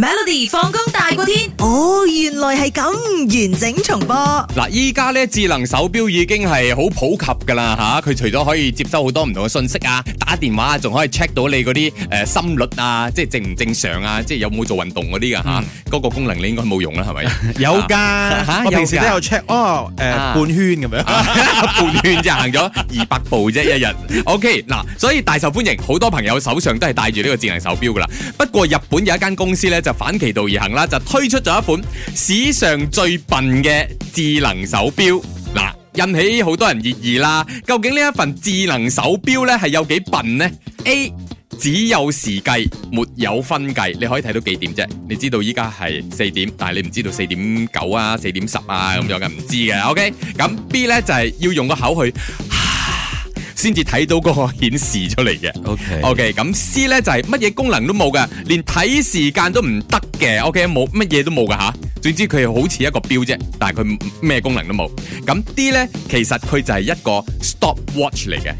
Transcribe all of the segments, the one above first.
Melody，放工大過天。哦，原來係咁，完整重播。嗱，依家咧智能手表已經係好普及噶啦，吓，佢除咗可以接收好多唔同嘅信息啊,打電話啊,仲可以 check 到你嗰啲誒心率啊，即係正唔正常啊，即係有冇做運動嗰啲噶吓，嗰個功能你應該冇用啦,係咪？有噶，我平時都有 check，哦，誒半圈咁樣，半圈就行咗二百步啫一日。 半圈就行了200步而已, OK, 嗱，所以大受歡迎，好多朋友手上都係戴住呢個智能手表噶啦。不過日本有一間公司咧。就反其道而行啦，就推出咗一款史上最笨嘅智能手表，嗱，引起好多人熱議啦。究竟呢一份智能手表咧係有幾笨呢？A 只有時計，沒有分計，你可以睇到幾點啫？你知道依家係四點，但係你唔知道四點九啊、四點十啊咁樣嘅，唔知嘅。OK，咁 B 咧就係要用個口去，先至睇到個顯示出嚟嘅。O K O K 咁 C 咧就係乜嘢功能都冇㗎，連睇時間都唔得嘅。O K 冇乜嘢都冇噶吓。總之佢好似一個錶啫，但係佢咩功能都冇。咁 D 咧其實佢就係一個 stop watch 嚟嘅，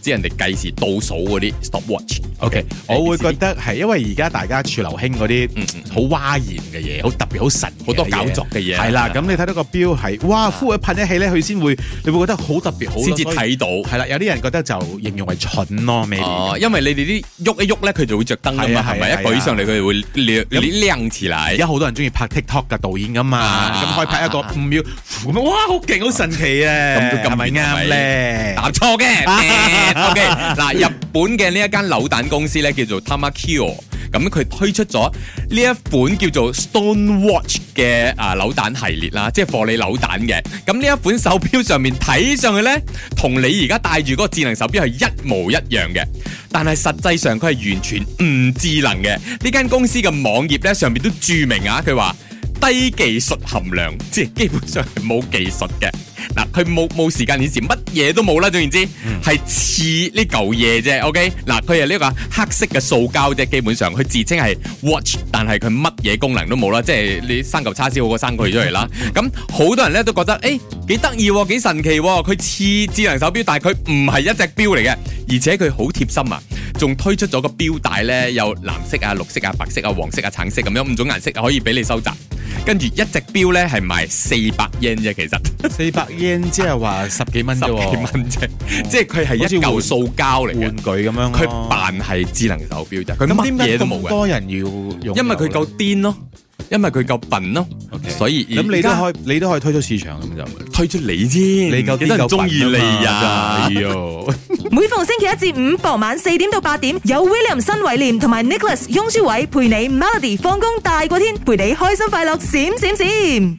即係人哋計時倒數嗰啲 stop watch。O K，我會覺得係，因為而家大家處流興嗰啲好嘩然嘅嘢，好特別，好神，好多搞作嘅嘢。係啦，咁你睇到個錶係哇，呼一噴一氣咧，佢先會，你會覺得好特別，好先至睇到。係啦，有啲人覺得就形容為蠢咯，未哦，因為你哋啲喐一喐咧，佢就會着燈啊嘛，係咪一舉上嚟佢就會亮，有啲靚詞啦。而家好多人中意拍 TikTok 嘅導演啊嘛，咁可以拍一個五秒，哇，好勁，好神奇啊，咁咪啱咧？答錯嘅，O K，嗱入。本嘅呢一間扭蛋公司咧，叫做 Tamakiyo，咁、嗯、佢推出咗呢一款叫做 Stone Watch 嘅啊扭蛋系列啦、啊，即係畀你扭蛋嘅。咁、嗯、呢一款手錶上面睇上去呢，同你而家戴住嗰個智能手錶係一模一樣嘅，但係實際上佢係完全唔智能嘅。呢間公司嘅網頁咧，上面都注明啊，佢話低技術含量，即係基本上係冇技術嘅。嗱，佢冇冇時間顯示，乜嘢都冇啦，總言之，係似呢嚿嘢啫。OK，嗱，佢係呢個黑色嘅塑膠啫，基本上佢自稱係 watch，但係佢乜嘢功能都冇啦，即係你生嚿叉燒好過生佢出嚟啦。咁好多人咧都覺得，誒、欸，幾得意，幾神奇、喎，佢似智能手表，但係佢唔係一隻表嚟嘅，而且佢好貼心啊，仲推出咗個表帶咧，有藍色啊、綠色啊、白色啊、黃色啊、橙色咁樣五種顏色可以俾你收集。跟住一隻表咧，係賣四百 yen 啫，其實四百 yen 即係話十幾蚊啫，十幾蚊啫，即係佢係一嚿塑膠嚟嘅，玩具咁樣，佢扮係智能手表啫，佢乜嘢都冇嘅。咁點解咁多人要用？因為佢夠癲咯，因為佢夠笨咯，所以咁你都可以，你都可以推出市場咁就推出你先，幾多人中意你呀？每逢星期一至五傍晚四點到八點，有 William 新維廉同埋 Nicholas 雍舒偉陪你 Melody 放工大過天，陪你開心快樂閃閃閃，閃閃閃。